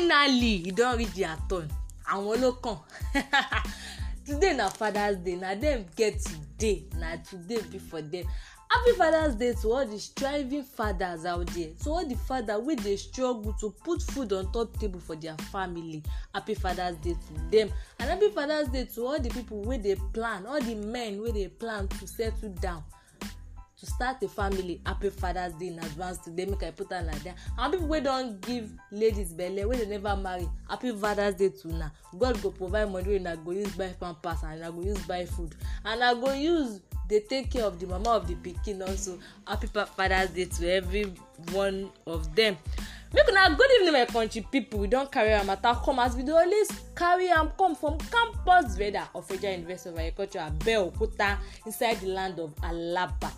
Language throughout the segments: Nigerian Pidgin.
finally you don reach their turn àwọn ló kàn today na father's day na dem get today na today be for dem happy father's day to all the striving fathers out there to all the fathers wey dey struggle to put food on top table for their family happy father's day to them and happy father's day to all the people wey dey plan all the men wey dey plan to settle down to start a family happy father's day in advance today make i put am like that and people wey don give ladies belle wey dey never marry happy father's day to una god go provide money wey una go use buy pampers and una go use buy food and una go use dey take care of the mama of the pikin also happy father's day to every one of them make una good evening my country people we don carry our matter come as we dey always carry am come from campus veda of federal university of agriculture abeokuta inside the land of alaba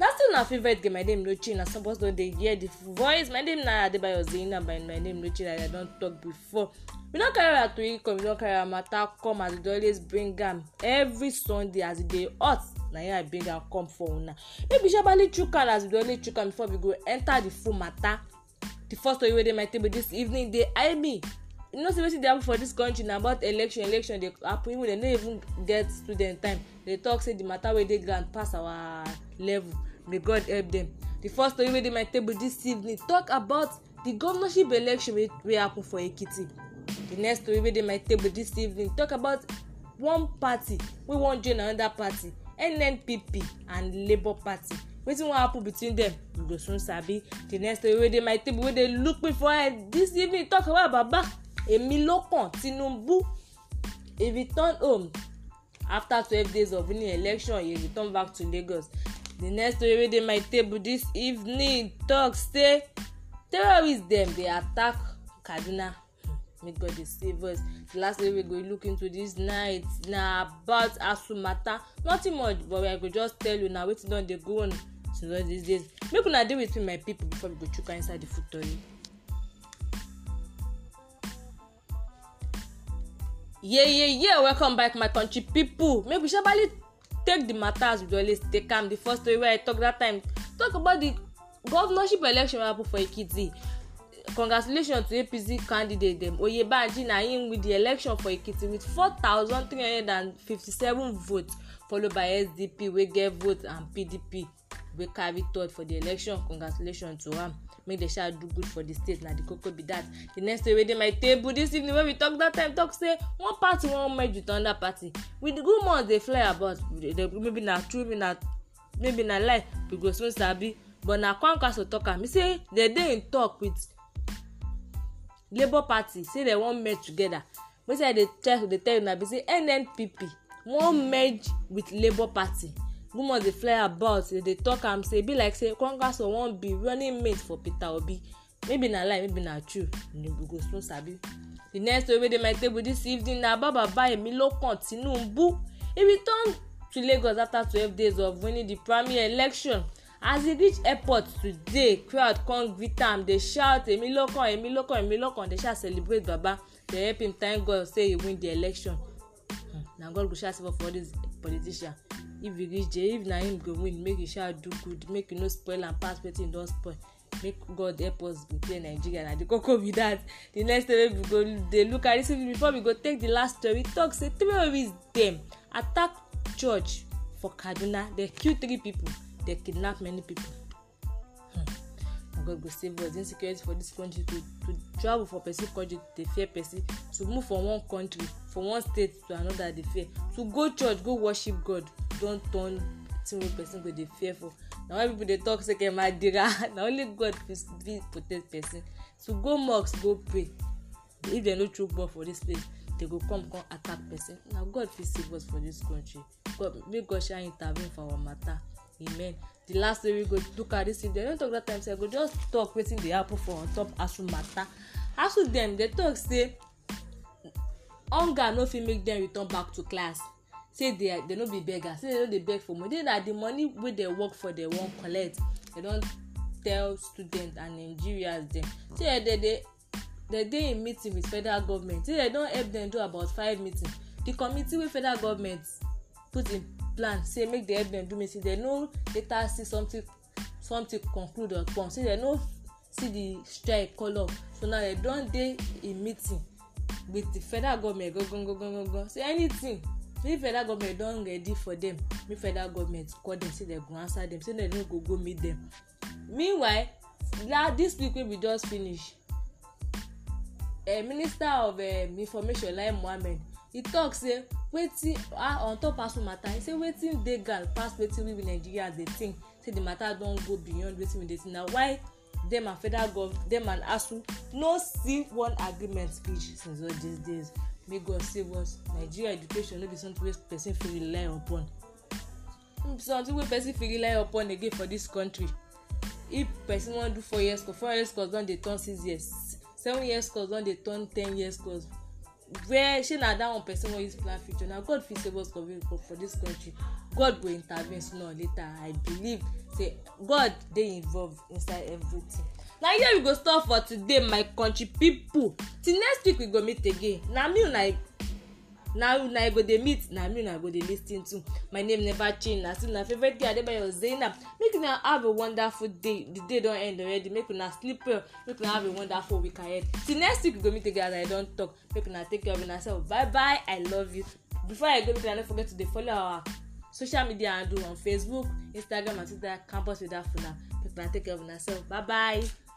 na still na favourite girl my name no change na suppose of don dey hear the voice my name na adebayo zeyina by my name no change like i don talk before we don carry our tori come we don carry our matter come as we dey always bring am every sunday as e dey hot na here i bring am come for una make we shabali chook am as we dey always chook am before we go enter the full matter the first story wey dey my table this evening dey ib you know say wetin dey happen for dis country na about election election dey happen even dem no even get student time dey talk say the matter wey dey ground pass our level may god help them the first story wey dey my table this evening talk about the governorship election wey wey happen for ekiti the next story wey dey my table this evening talk about one party wey wan join another party nnpp and labour party wetin wan happen between them? you go soon sabi the next story wey dey my table wey dey look me for head this evening talk about baba emilokan tinubu he return home after twelve days of winning election he return back to lagos The next story wey dey my table this evening Talk, say terrorists dem dey attack kaduna hmm, Make god dey save us the last thing we go look into this night na about asu matter nothing much but i go just tell you una wetin don dey go on since all these days make una dey with me my people before we go chuka inside the food tori. yeye yeah, yeah, yeah. welcome back my country people make we shabali take the matter as journalist take am the first story wey i talk that time talk about the governorship election wey happen for ekiti congratulations to apc candidate dem oyebanji na im win di election for ekiti wit four thousand, three hundred and fifty-seven votes followed by sdp wey get votes and pdp wey carry third for di election congratulations to am make dem sha do good for di state na di koko be dat di next day, wey dey my table dis evening wey we talk dat time talk say one party wan merge with another party with months, dey fly about maybe na true maybe na maybe na lie we go soon sabi but na crown council talk am say dem dey in talk with labour party say dem wan merge together wetin i dey try to dey tell una be say nnpp wan merge with labour party rumours dey fly about dem dey talk am say e be like say kwankwaso wan be running mate for peter obi maybe na lie maybe na true we go soon sabi the next story wey dey my table this evening na about baba emilokan tinubu e return to lagos after twelve days of winning the primary election as e reach airport today crowd come greet am dey shout emilokan emilokan emilokan dey shout celebrate baba dey help him thank god say he win the election hmm. na god go shout favor for all these politician if e reach there if na him go win make e sha do good make e no spoil am pass wetin e don spoil make god help us repair nigeria na the koko be that the next time we go dey look at this evening before we go take the last story talk say three of terrorists dem attack church for kaduna dey kill three people dey kidnap many people God go save us. The insecurity for this country to to travel for person country dey fear person to move from one country from one state to another dey fear to go church go worship God don turn thing wey person go dey fear for na why people dey talk say kemadira na only God fit protect person to go mosque go pray if dem no throw ball for this place they go come come attack person na god fit save us for this country god make god shine intervene for our matter amen the last day we go look at this thing dem no talk that time sef go just talk wetin dey happen for on top asu matter asu dem dey talk say hunger no fit make dem return back to class say they they no be beggar say they no dey beg for money na the money wey dey work for dey wan collect they don tell students and nigerians dem say eh, they dey they dey in meeting with federal government say they don help dem do about five meetings the committee wey federal government put in plan say make the help dem do meeting dem no later see something something conclude upon say dem no see the strike call up so now dem don dey in meeting with the federal government gangan say anything say federal government don ready for dem make federal government call dem say dem go answer dem say dem no go go meet dem meanwhile la this week wey we just finish uh, minister of um, information lai like e talk say wetin ah on top asuu matter e say wetin dey gal pass wetin we be nigerians dey think say the matter don go beyond wetin we dey think na why dem and federal government dem and asuu no see one agreement speech since all these days may god save us nigeria education no be something wey person fit rely upon no be something wey person fit rely upon again for this country if person wan do four years course four years course don dey turn six years seven years course don dey turn ten years course where she na that one person wan use plan future na god fit save us for this country god go intervene sooner or later i believe say god dey involved inside everything na here we go stop for today my country people. till next week we go meet again na me una na una i go dey meet na me una go dey lis ten to my name never change na still una favourite girl adebayo zainab make una have a wonderful day the day don end already make una sleep well make una have a wonderful week ahead till next week we go meet again as i don talk make una take care of una sef bye bye i love you before i go make una no forget to dey follow our social media handle on facebook instagram and twitter campus without funa make una take care of una sef bye bye.